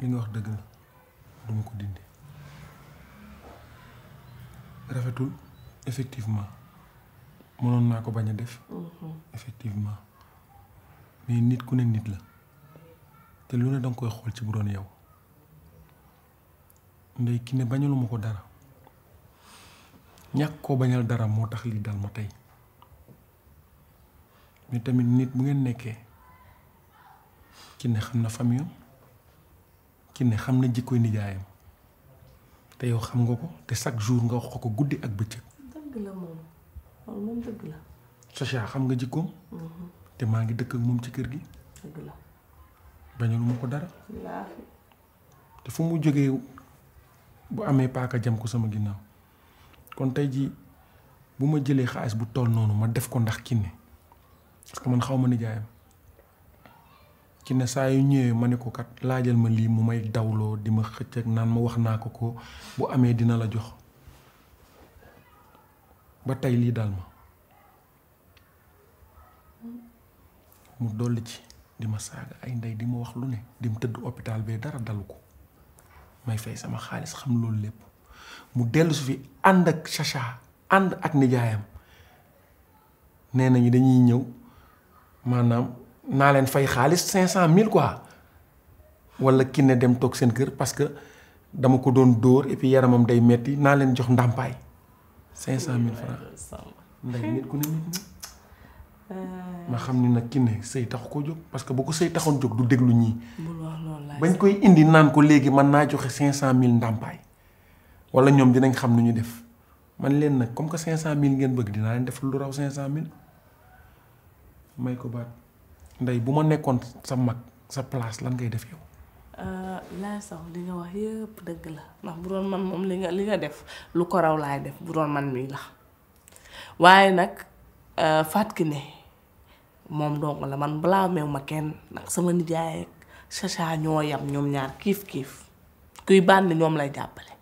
li nga wax dëgg la duma ko dindi rafetul effectivement mënoon naa ko bañ a def. Mhm. effectivement mais nit ku ne nit la te lu ne danga koy xool ci bu doon yow ndey ki ne bañalu ma ko dara ñàkk koo bañal dara moo tax li dal ma tey mais tamit nit bu ngeen nekkee ki ne xam na famille Kiné xam na jikkoy nijaayam te yow xam nga ko te chaque jour nga wax ko guddi ak bëccëg. dëgg xam nga jikkoom. Mhm. te maa ngi dëkk ak moom ci kër gi. dëgg ma ko dara. te fu mu jógee bu amee paaka jam ko sama ginnaaw kon tey ji bu ma jëlee xaalis bu toll noonu ma def ko ndax Kiné parce que man xaw ma nijaayam. ci ne saa yu ñëwee ma ne ko kat laajal ma lii mu may dawloo di ma xëcc ak naan ma wax naa ko ko bu amee dina la jox ba tey lii dal ma mu dolli ci di ma saaga ay ndey di ma wax lu ne di mu tëdd hôpital bee dara dalu ko may fay sama xaalis xam loolu lépp mu dellusi su fi ànd ak Chacha ànd ak nijaayam nee nañu dañuy ñëw maanaam naa leen fay xaalis cinq cent mille quoi walla ki ne dem toog seen kër parce que dama ko doon dóor et yaramam day metti naa leen jox ndàmpaay cinq cent mille francs nday nit ku ne nit euh. ma xam ni nag ki ne sëy ko jóg parce que bu ko taxoon jóg du déglu ñii bañ koy indi naan léegi man naa joxe cinq cent mille ndàmpaay wala ñoom dinañ xam nu ñu def man leen nag comme que cinq cent mille ngeen bëgg dinaa leen def lu raw cinq cent mille may ko baat Ndey, bu ma nekkoon sa mag, sa place, lan ngay def yow? Ah, L'instant, li nga wax yëpp dëgg la. Ndax bu doon man moom li nga li nga def, lu ko raw laay def, bu doon man mii la. Waaye nag, ah, fàtt ki ne, moom donc la man balaa meew ma kenn, nag sama nijaay ak Chacha ñoo yam ñoom ñaar kiif kiif. Kuy bànn ñoom lay jàppale.